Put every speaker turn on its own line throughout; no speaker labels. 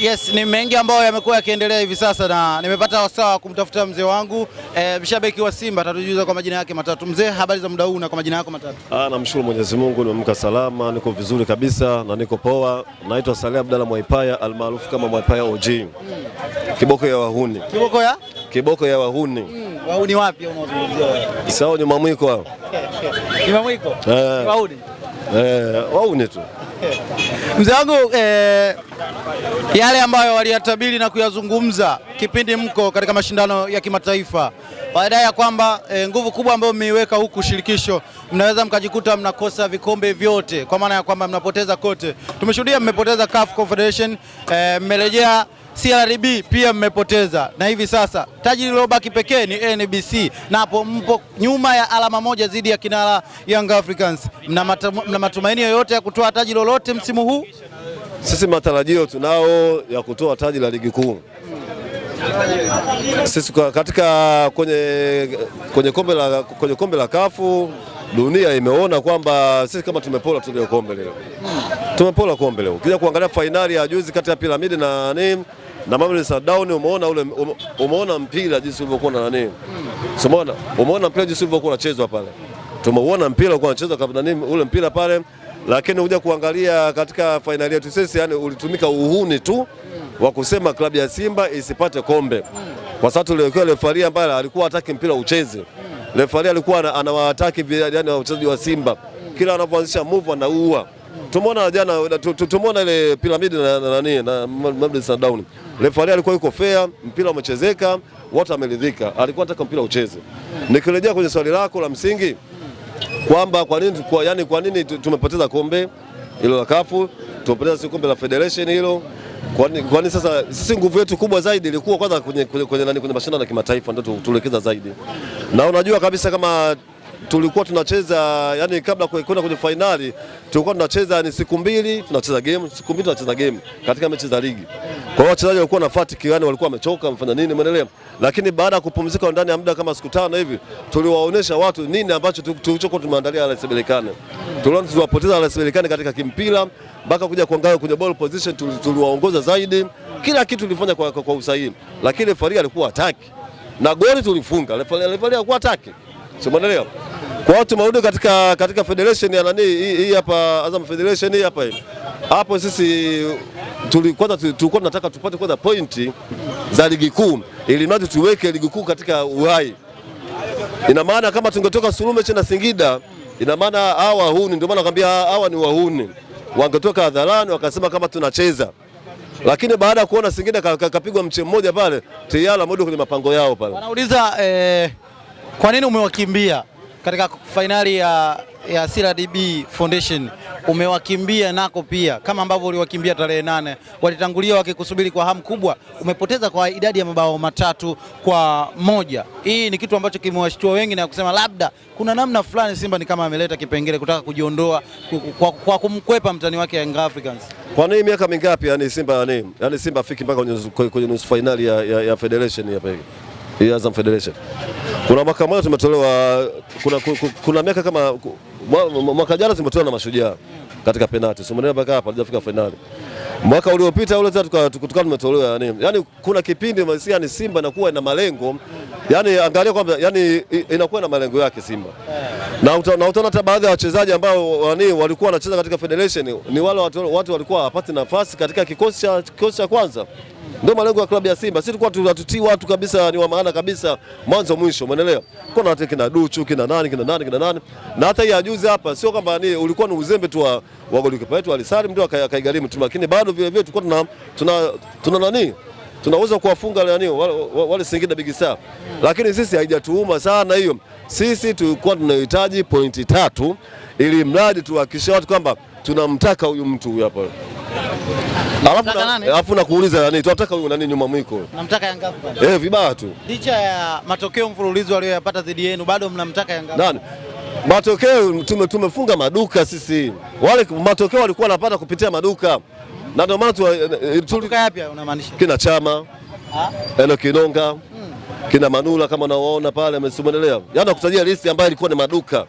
Yes, ni mengi ambayo yamekuwa yakiendelea hivi sasa na nimepata wasaa wa kumtafuta mzee wangu e, mshabiki wa Simba atatujuza kwa majina yake matatu. Mzee, habari za muda huu na kwa majina yako matatu?
Ah, namshukuru Mwenyezi Mungu nimeamka salama, niko vizuri kabisa na niko poa. Naitwa Saleh Abdalla Mwaipaya almaarufu kama Mwaipaya OG. Hmm. Kiboko ya wahuni. Kiboko ya? Kiboko ya wahuni.
Hmm. Wahuni wapi unaozungumzia?
Sawa, ni mamwiko hao.
mamwiko. Eh. Wahuni.
Eh, wahuni tu
mzangu eh, yale ambayo waliyatabiri na kuyazungumza kipindi mko katika mashindano ya kimataifa, baadaye ya kwamba eh, nguvu kubwa ambayo mmeiweka huku shirikisho, mnaweza mkajikuta mnakosa vikombe vyote, kwa maana ya kwamba mnapoteza kote. Tumeshuhudia mmepoteza CAF Confederation, eh, CRB pia mmepoteza, na hivi sasa taji lililobaki pekee ni NBC, na hapo mpo nyuma ya alama moja dhidi ya kinara Young Africans. Mna matumaini yoyote ya kutoa taji lolote msimu huu?
Sisi matarajio tunao ya kutoa taji la ligi kuu sisi katika kwenye, kwenye kombe la, kwenye kombe la kafu dunia imeona kwamba sisi kama tumepola tu kombe leo, tumepola kombe leo. Ukija kuangalia fainali ya juzi kati ya Piramidi na nini na Mamelodi Sundowns, umeona ule umeona mpira jinsi ulivyokuwa na nani, umeona umeona mpira jinsi ulivyokuwa unachezwa pale, tumeuona mpira ulikuwa unachezwa kwa nani ule mpira pale, lakini uja kuangalia katika fainali yetu sisi, yani ulitumika uhuni tu wa kusema klabu ya Simba isipate kombe, kwa sababu tulikuwa refari ambaye alikuwa hataki mpira ucheze. Refari alikuwa anawataki yani wachezaji wa Simba, kila anapoanzisha move anaua Tumeona jana tumeona ile piramidi na nani na Mamelodi Sundowns. Refa alikuwa yuko fair, mpira umechezeka, watu wameridhika. Alikuwa anataka mpira ucheze. Nikirejea kwenye swali lako la msingi kwamba kwa nini kwa yani kwa nini tumepoteza kombe hilo la kafu, tumepoteza kombe la Federation hilo. Kwa nini kwa nini sasa sisi nguvu yetu kubwa zaidi ilikuwa kwanza kwenye kwenye, kwenye, kwenye mashindano ya kimataifa ndio tulekeza zaidi. Na unajua kabisa kama tulikuwa tunacheza yani, kabla kwenda kwenye fainali tulikuwa tunacheza ni siku mbili tunacheza game, siku mbili tunacheza game katika mechi za ligi. Kwa hiyo wachezaji walikuwa na fatigue, yani walikuwa wamechoka, wamefanya nini, umeelewa. Lakini baada ya kupumzika ndani ya muda kama siku tano hivi, tuliwaonesha watu nini ambacho tulichokuwa tumeandalia RS Berkane. Tuliona tuliwapoteza RS Berkane katika kimpira mpaka kuja kuangalia kwenye ball position, tuliwaongoza zaidi, kila kitu tulifanya kwa, kwa, kwa usahihi, lakini refari alikuwa hataki na goli tulifunga, refari alikuwa hataki, sio umeelewa kwa hiyo tumerudi katika, katika federation ya nani hii hapa Azam Federation hii hapa hii. Hapo sisi tulikuwa tulikuwa tunataka tupate kwanza pointi za ligi kuu ili mradi tuweke ligi kuu katika uhai. Ina maana kama tungetoka Surumechi na Singida, ina maana hawa huni, ndio maana nakwambia hawa ni wahuni, wangetoka hadharani wakasema kama tunacheza lakini baada ya kuona Singida kapigwa mche mmoja pale tayari modo kwenye mapango yao pale.
Wanauliza eh, kwa nini umewakimbia? katika fainali ya, ya Sira DB Foundation umewakimbia nako pia kama ambavyo uliwakimbia tarehe nane, walitangulia wakikusubiri kwa hamu kubwa. Umepoteza kwa idadi ya mabao matatu kwa moja. Hii ni kitu ambacho kimewashtua wengi na kusema labda kuna namna fulani Simba ni kama ameleta kipengele kutaka kujiondoa kwa, kwa kumkwepa mtani wake Young Africans.
Kwa nini miaka mingapi yani Simba yani Simba afiki mpaka kwenye nusu fainali ya, ya, ya Federation hapa hivi ya Azam Federation. Kuna mwaka mmoja tumetolewa, kuna, kuna miaka kama mwaka jana tumetolewa na Mashujaa katika penalti, so mwenye mpaka hapa hajafika finali. Mwaka uliopita ule tukawa tumetolewa yani, yani kuna kipindi mwasi yani Simba inakuwa ina malengo yani, angalia kwamba yani inakuwa na malengo yake Simba na utaona hata baadhi ya wachezaji ambao wani walikuwa wanacheza katika federation ni wale watu, watu walikuwa hawapati nafasi katika kikosi cha kwanza ndio malengo ya klabu ya Simba. Sisi tulikuwa tunatutii watu kabisa ni wa maana kabisa mwanzo mwisho, umeelewa? Kuna watu kina Duchu, kina nani, kina nani, kina nani. Na hata hii ajuzi hapa sio kwamba ni ulikuwa ni uzembe tu wa wa golikipa wetu Alisali ndio akaigalimu tu, lakini bado vile vile tulikuwa tuna tuna tuna nani? Tunaweza kuwafunga nani wale, wale Singida Big Star. Lakini sisi haijatuuma sana hiyo. Sisi tulikuwa tunahitaji pointi tatu ili mradi tuhakikishe watu kwamba tunamtaka huyu mtu huyu hapa. Alafu na kuuliza nani? Tunamtaka huyu nani nyuma mwiko?
Namtaka Yanga bwana. Eh, vibaya tu. Licha ya matokeo mfululizo aliyoyapata dhidi yenu bado mnamtaka Yanga.
Nani? Matokeo tume, tumefunga maduka sisi. Wale matokeo walikuwa wanapata kupitia maduka. Na ndio maana eh, eh, tulikuwa yapi unamaanisha? Kina Chama. Ah? Eno Kinonga. Hmm. Kina Manula kama unaoona pale amesumuendelea. Yaani kutajia listi ambayo ilikuwa ni maduka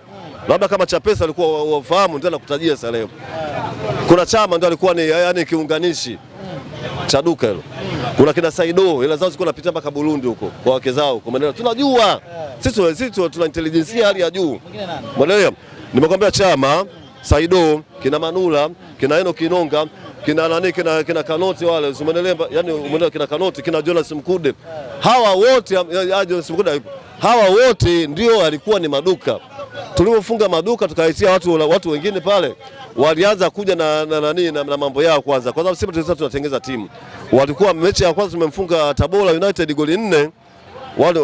labda kama Chapesa alikuwa wafahamu ndio nakutajia Salehu. Kuna chama ndio alikuwa ni yani kiunganishi cha duka hilo. Kuna kina Saido ila zao zilikuwa napita mpaka Burundi huko kwa wake zao kwa maana tunajua sisi sisi tuna intelligence hali ya juu. Mwelewa? Nimekwambia chama Saido, kina Manula, kina Eno Kinonga, kina nani kina, kina Kanoti wale usimenelewa, yani umeelewa kina Kanoti, kina Jonas Mkude. Hawa wote Jonas Mkude. Hawa wote ndio alikuwa ni maduka Tulipofunga maduka tukaitia watu, watu wengine pale walianza kuja na, na, na, na, na, na mambo yao kwanza, kwa sababu sisi tulikuwa tunatengeneza timu. Walikuwa mechi ya kwanza tumemfunga Tabora United goli nne,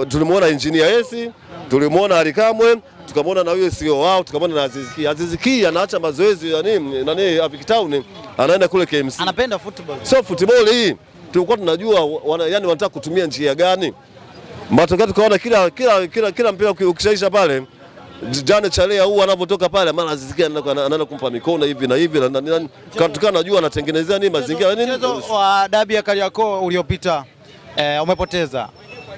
tulimuona Engineer Hersi, tulimuona Alikamwe tukamwona na huyo CEO wao, tukamwona na Aziziki. Aziziki anaacha mazoezi ya nini na nini, Avic Town anaenda kule KMC,
anapenda football,
sio football hii. Tulikuwa tunajua wana, yani wanataka kutumia njia gani, matokeo tukaona kila, kila, kila, kila mpira ukishaisha pale Jane Chalea huu anapotoka pale mara azisikia anaenda kumpa mikono hivi na hivi tukana, najua anatengenezea nini mazingira. Mchezo
wa dabi ya Kariakoo uliopita e, umepoteza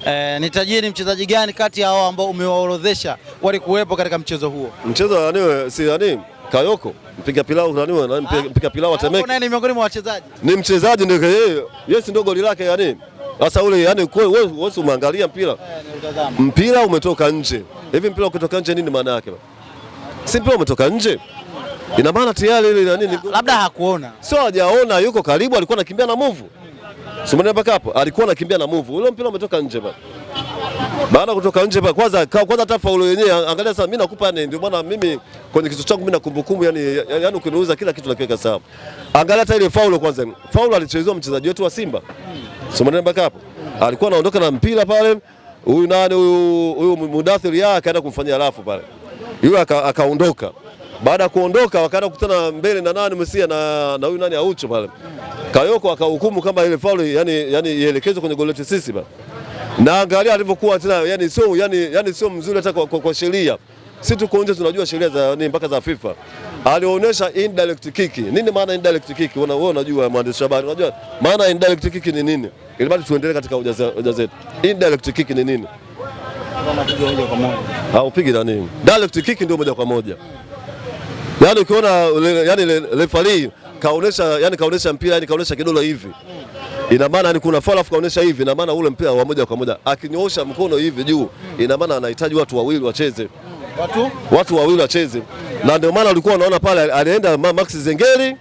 e, nitajie ni mchezaji gani kati ya hao ambao umewaorodhesha walikuwepo katika mchezo huo?
Mchezo aniwe, si ani Kayoko mpiga pilau nani mpiga pilau Temeke ni miongoni mwa wachezaji, ni mchezaji ndio eh, yeye, yes ndio goli lake yani sasa ule yani wewe umeangalia mpira eh, mpira umetoka nje hivi, mpira ukitoka nje nini maana yake? Si mpira umetoka nje, ina maana tayari ile nini,
labda hakuona,
sio hajaona, yuko karibu, alikuwa anakimbia na move mpaka hapo alikuwa anakimbia na move. Ule mpira umetoka nje bana. Baada kutoka nje bana, kwanza kwanza hata faulu yenyewe angalia sasa, mimi nakupa yani, ndio maana mimi kwenye kitu changu mimi nakumbukumbu kumbukumbu yani, yani ukiniuliza kila kitu nakiweka sawa. Angalia hata ile faulu kwanza. Faulu alichezewa mchezaji wetu wa Simba. Hmm. Sumanene Bakapo alikuwa anaondoka na mpira pale, huyu nani huyu huyu Mudathir ya akaenda kumfanyia rafu pale, yule akaondoka. Baada ya kuondoka, wakaenda kukutana mbele na nani Msia na na huyu nani Aucho pale, Kayoko akahukumu kama ile fauli, yani yani ielekezwe kwenye goli letu sisi ba na angalia alivyokuwa tena, yani sio yani yani sio mzuri hata kwa, kwa, kwa sheria si tuko nje tunajua sheria za nini mpaka za FIFA. Alionyesha indirect kick. Nini maana indirect kick? Wewe unajua mwandishi habari, unajua maana indirect kick ni nini? Ili bado tuendelee katika hoja zetu. Indirect kick ni nini? Haupigi na nini? Direct kick ndio moja kwa moja. Yaani ukiona yani referee kaonesha yani kaonesha mpira yani kaonesha kidole hivi. Ina maana ni yaani kuna foul kaonesha hivi, ina maana ule mpira wa moja kwa moja. Akinyoosha mkono hivi juu, ina maana anahitaji watu wawili wacheze
watu, watu wawili wacheze,
na ndio maana walikuwa wanaona pale alienda Max Zengeli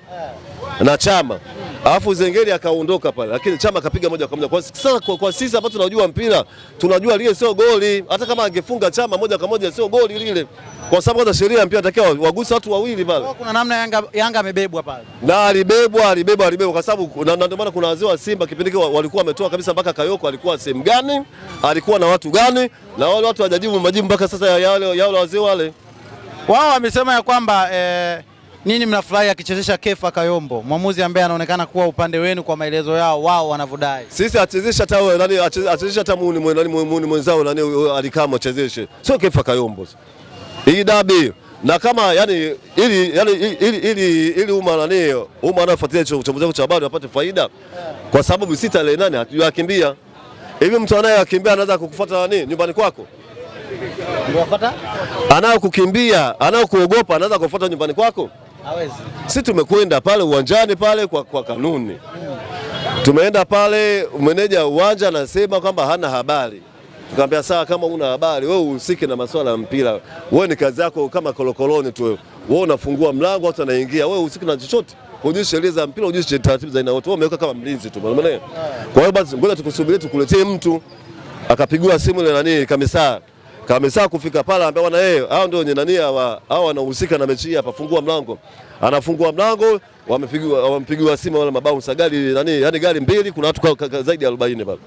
na Chama alafu Zengeli akaondoka pale, lakini Chama akapiga moja kwa moja. Kwa sasa kwa, kwa sisi ambao tunajua mpira tunajua lile sio goli, hata kama angefunga Chama moja kwa moja sio goli lile kwa sababu hata sheria mpira natakiwa waguse watu wawili pale. Oh,
kuna namna Yanga Yanga amebebwa pale.
Na alibebwa alibebwa alibebwa kwa sababu na ndio maana kuna wazee wa Simba kipindi kile walikuwa wametoa kabisa mpaka Kayoko alikuwa sehemu gani, alikuwa na watu gani, na wale watu hawajajibu majibu mpaka sasa ya wale ya wale wazee wale.
Wao wamesema ya kwamba eh, nini mnafurahi akichezesha Kefa Kayombo, mwamuzi ambaye anaonekana kuwa upande wenu kwa maelezo yao wao wanavyodai.
Sisi achezesha hata nani achezesha hata muuni mwenzao nani alikama achezeshe. Sio Kefa Kayombo hii dabi na kama yani ili yani, ili ili, ili umma nani umma anafuatilia uchambuzi wangu cha habari apate faida, kwa sababu sita ile nani hatujakimbia hivi. Mtu akimbia anaweza kukufuata nani nyumbani kwako? kukimbia anao kuogopa anaweza kufuata nyumbani kwako? Hawezi. Sisi tumekwenda pale uwanjani pale kwa, kwa kanuni tumeenda pale, meneja uwanja anasema kwamba hana habari Nikamwambia sawa, kama una habari wewe uhusike na masuala ya mpira, wewe ni kazi yako kama kolokoloni tu wewe. unafungua mlango watu wanaingia, wewe uhusike na chochote. Hujui sheria za mpira, hujui taratibu za aina yote. Wewe umeweka kama mlinzi tu. Kwa hiyo basi ngoja tukusubiri tukuletee mtu. Akapigiwa simu ile nani kamisa. Kamisa kufika pale ambaye bwana yeye, eh, hao ndio wenye nani hawa, hao wanahusika na mechi hapa, fungua mlango. Anafungua mlango, wamepigiwa wampigiwa simu wale mabao sagali nani, yani gari mbili, kuna watu zaidi ya 40 pale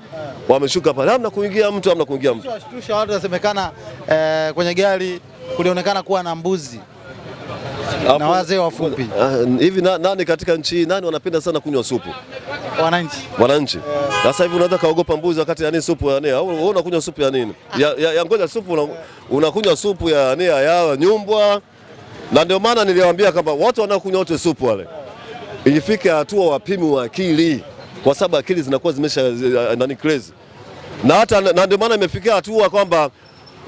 wameshuka pale, hamna kuingia mtu, hamna kuingia mtu.
Washtusha watu wasemekana, eh, kwenye gari kulionekana kuwa na mbuzi na wazee wafupi ah,
hivi. Na, nani katika nchi hii nani wanapenda sana kunywa supu? Wananchi, wananchi. Sasa yeah. hivi unaweza kaogopa mbuzi wakati yani supu ya nia Au wewe unakunywa supu ya nini? ya, ya, ya ngoja supu unakunywa una supu ya nia ya nyumbwa. Na ndio maana niliwaambia kwamba watu wanaokunywa wote supu wale ifike hatua wapimi wa akili, kwa sababu akili zinakuwa zimesha eh, nani crazy na hata na ndio maana imefikia hatua kwamba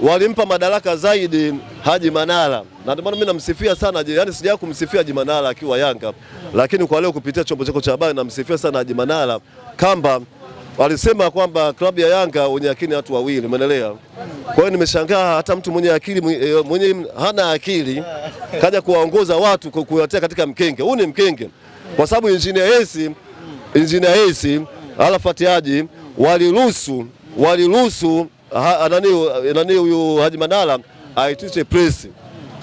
walimpa madaraka zaidi Haji Manara, na ndio maana mimi namsifia sana, yani sija kumsifia Haji Manara akiwa Yanga, lakini kwa leo kupitia chombo chako cha habari namsifia sana Haji Manara kamba walisema kwamba klabu ya Yanga wenye akili watu wawili, umeelewa? Kwa hiyo nimeshangaa hata mtu mwenye akili mwenye eh, hana akili kaja kuwaongoza watu kuwatia katika mkenge. Huu ni mkenge, kwa sababu injinia Hersi, injinia Hersi, Arafat Haji waliruhusu waliruhusu nani huyu Haji Manara aitishe press.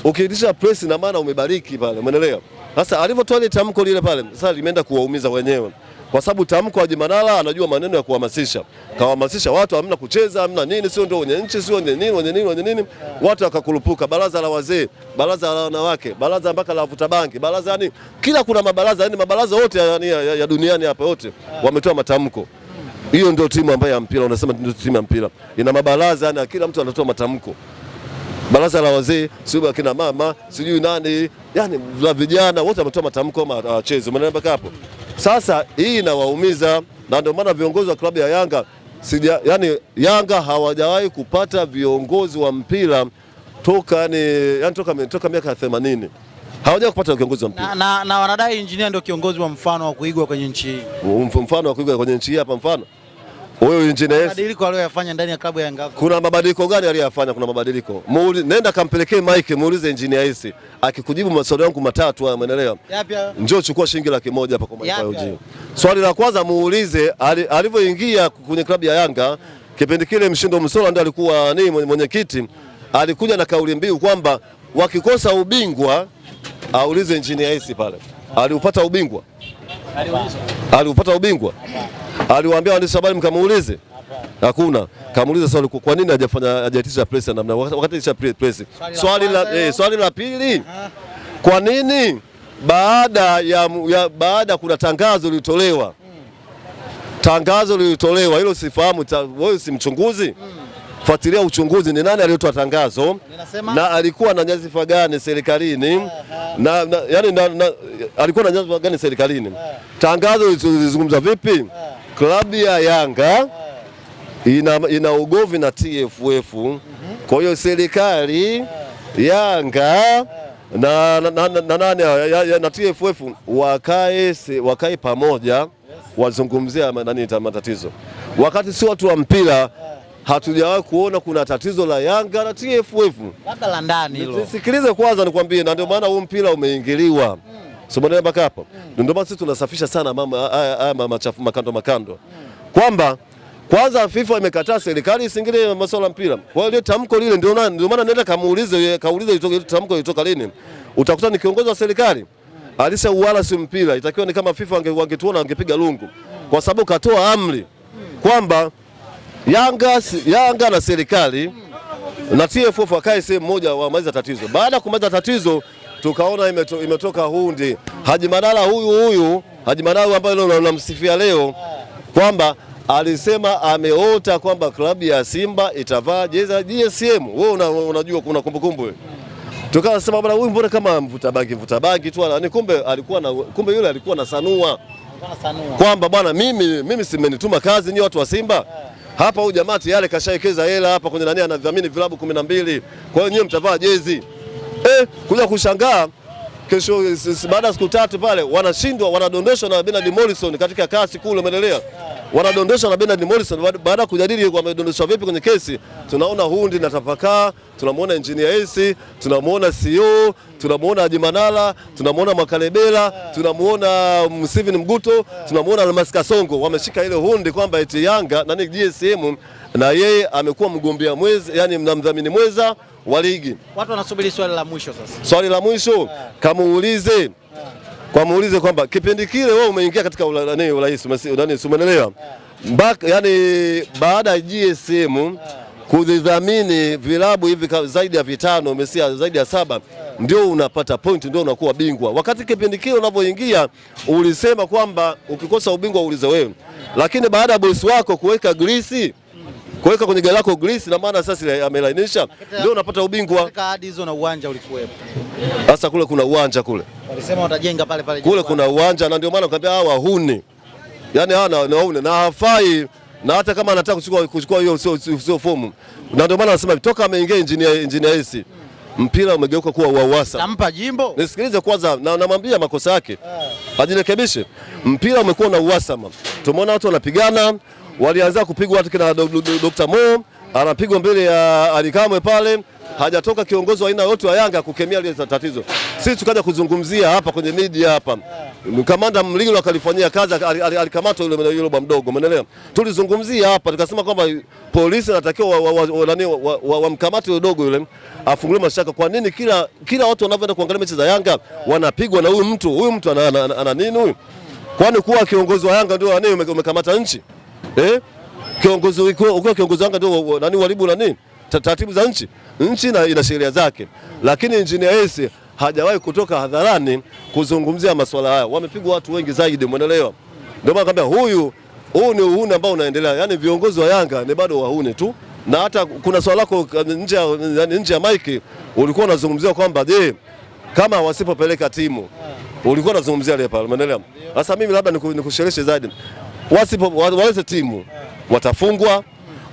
Ukiitisha press na maana umebariki pale, umeelewa? Sasa alivyotoa ile tamko lile pale, sasa limeenda kuwaumiza wenyewe kwa sababu tamko Haji Manara anajua maneno ya kuhamasisha, kawahamasisha watu hamna kucheza hamna nini, sio ndio wenye nchi, sio wenye nini, wenye nini, wenye nini, watu wakakurupuka, baraza la wazee, baraza la wanawake, baraza mpaka la vuta banki, baraza yani kila kuna mabaraza, yani mabaraza yote ya, ya, ya duniani hapa yote wametoa matamko. Hiyo ndio timu ambayo ya mpira unasema ndio timu ya mpira, ina mabaraza yani kila mtu anatoa matamko, baraza la wazee, sio akina mama, sijui nani, yani la vijana wote wametoa matamko ama wacheze umeelewa mpaka hapo. Sasa hii inawaumiza na ndio maana viongozi wa klabu ya Yanga sija, yani Yanga hawajawahi kupata viongozi wa mpira toka yani, yani toka, toka miaka ya 80
hawajawahi kupata kiongozi wa mpira na, na, na wanadai injinia ndio kiongozi wa mfano wa kuigwa kwenye nchi hii,
mfano wa kuigwa kwenye nchi hii hapa mfano huyo injinia mabadiliko aliyoyafanya ndani ya klabu ya Yanga. Kuna mabadiliko gani aliyoyafanya? Kuna mabadiliko. Muuli, nenda kampelekee Mike muulize injinia hisi. Akikujibu maswali yangu matatu haya, umeelewa? Yapi? Njoo chukua shilingi laki moja hapa kwa Mike Oji. Swali la kwanza muulize alivyoingia kwenye klabu ya Yanga hmm. kipindi kile Mshindo Msola ndiye alikuwa ni mwenyekiti. hmm. Alikuja na kauli mbiu kwamba wakikosa ubingwa aulize injinia hisi pale. Aliupata ubingwa? Aliupata ubingwa? aliwaambia waandishi habari mkamuulize? Hakuna. Kamuulize swali, kwa nini hajafanya hajaitisha press namna wakati isha press. Swali la eh, swali la pili, Aha. kwa nini baada ya, ya baada kuna tangazo lilitolewa Hmm. tangazo lilitolewa hilo sifahamu, wewe si mchunguzi mm. Fuatilia uchunguzi ni nani aliyotoa tangazo Ninasema? na alikuwa na nyadhifa gani serikalini na, na, yani, na, na, alikuwa na nyadhifa gani serikalini tangazo lilizungumza vipi Aha klabu ya Yanga ina, ina ugovi na TFF. Kwa hiyo serikali Yanga na, na, na, na, na, na, na TFF wakae, wakae pamoja wazungumzia nani matatizo, wakati si watu wa mpira hatujawahi kuona kuna tatizo la Yanga na TFF.
Labda la ndani hilo. Sikilize kwanza nikwambie, na ndio maana huu mpira umeingiliwa hmm
so baada ya hapo mm. Ndio basi tunasafisha sana mama haya haya machafu makando makando mm. kwamba kwanza FIFA imekataa serikali isiingilie masuala ya mpira. Kwa hiyo tamko lile ndio ndio maana nenda kamuulize kaulize ile tamko ilitoka lini? Mm. Utakuta ni kiongozi wa serikali. Mm. Alisa uwala si mpira. Itakiwa ni kama FIFA wange, wangetuona wangepiga lungu. Mm. Kwa sababu katoa amri kwamba Yanga Yanga na serikali na TFF wakae sehemu moja wamaliza tatizo. Baada ya kumaliza tatizo tukaona imeto, imetoka hundi Haji Madala huyu huyu Haji Madala ambaye leo unamsifia leo kwamba alisema ameota kwamba klabu ya Simba itavaa jezi ya GSM. Wewe unajua kuna kumbukumbu. Tukawa sema bwana huyu mbona kama mvuta bangi mvuta bangi tu ni kumbe alikuwa na kumbe yule alikuwa na sanua. Kwamba bwana mimi mimi simenituma kazi ni watu wa Simba. Hapa huyu jamaa tayari kashaekeza hela hapa kwenye nani anadhamini vilabu 12. Kwa hiyo nyewe mtavaa jezi eh, kuja kushangaa kesho baada ya siku tatu pale wanashindwa wanadondoshwa na Bernard Morrison katika kasi kuu umeendelea wanadondoshwa na Bernard Morrison baada ya kujadili wamedondoshwa vipi kwenye kesi. Tunaona hundi na tapakaa, tunamwona engineer AC, tunamwona CEO, tunamwona Ajimanala, tunamwona Makalebela, tunamwona Msivini Mguto, tunamwona Almas Kasongo, wameshika ile hundi kwamba eti Yanga nani GSM na yeye amekuwa mgombea mwezi, yani mnamdhamini mweza wa ligi.
Watu wanasubiri swali la mwisho sasa.
Swali la mwisho yeah. Kamuulize yeah. Kwa muulize kwamba kipindi kile wewe umeingia katika nani urais nani umeelewa? Eh. Mpaka yeah. Yani baada ya GSM yeah. kudhamini vilabu hivi zaidi ya vitano umesia zaidi ya saba yeah. ndio unapata point ndio unakuwa bingwa. Wakati kipindi kile unavyoingia ulisema kwamba ukikosa ubingwa uulize wewe. Yeah. Lakini baada ya bosi wako kuweka grisi kuweka kwenye gari lako grease na maana sasa amelainisha,
ndio unapata ubingwa. Hadi hizo na uwanja ulikuwepo.
Sasa kule kuna uwanja kule,
walisema watajenga pale pale,
kule kuna uwanja na ndio maana nikamwambia hawa huni, yani hawa na wahuni na hafai na hata kama anataka kuchukua kuchukua hiyo sio sio fomu, na ndio maana anasema toka ameingia engineer engineer AC mpira umegeuka kuwa wa Uwasa.
Nampa jimbo. Nisikilize kwanza
na namwambia makosa yake. Eh. Ajirekebishe. Mpira umekuwa na uwasa, mama, Tumeona watu wanapigana walianza kupigwa hata kina Dr. Mo anapigwa mbele ya Alikamwe pale, hajatoka kiongozi wa aina yote wa Yanga kukemea lile tatizo. Sisi tukaja kuzungumzia hapa kwenye media hapa, kamanda Mlilo akalifanyia kazi, alikamatwa yule yule bwa mdogo, umeelewa? Tulizungumzia hapa tukasema kwamba polisi anatakiwa wamkamate wa, wa, wa, wa, wa yule dogo yule, afungulie mashtaka. Kwa nini kila kila watu wanavyoenda kuangalia mechi za Yanga wanapigwa na huyu mtu? Huyu mtu ana nini huyu? Kwani kuwa kiongozi wa Yanga ndio anaye umekamata nchi? eh? Kiongozi ukiwa kiongozi wanga ndio nani walibu na nini taratibu za nchi. Nchi ina sheria zake, lakini Engineer S hajawahi kutoka hadharani kuzungumzia masuala haya. Wamepigwa watu wengi zaidi, umeelewa? Ndio maana kaambia huyu huu ni uhuni ambao unaendelea, yaani viongozi wa Yanga ni bado wahuni tu, na hata kuna swala lako eh, nje ya yaani mike ulikuwa unazungumzia kwamba je, kama wasipopeleka timu, ulikuwa unazungumzia ile pale, umeelewa? Sasa mimi labda nikushereshe zaidi wasipo waleze timu watafungwa,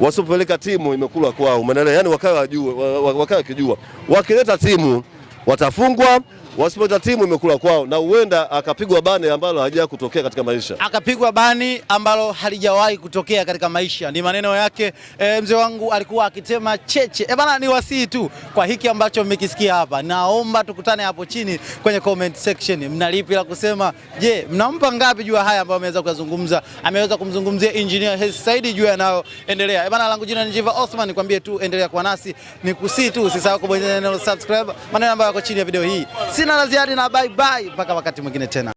wasipopeleka timu imekula kwao, maana yani wakawa wajue wakawa wakijua wakileta timu watafungwa wasipopata timu imekula kwao, na huenda akapigwa bani ambalo halijawahi kutokea katika maisha,
akapigwa bani ambalo halijawahi kutokea katika maisha. Ni maneno yake e, mzee wangu alikuwa akitema cheche. E bana, ni wasii tu kwa hiki ambacho mmekisikia hapa. Naomba tukutane hapo chini kwenye comment section, mnalipi la kusema? Je, mnampa ngapi juu ya haya ambayo ameweza kuyazungumza? Ameweza kumzungumzia engineer Hersi Said juu yanayoendelea. E bana, langu jina ni Jiva Osman, nikwambie tu endelea kwa nasi, nikusii tu usisahau kubonyeza neno subscribe, maneno ambayo yako chini ya video hii. Sina la ziada na bye bye mpaka wakati mwingine tena.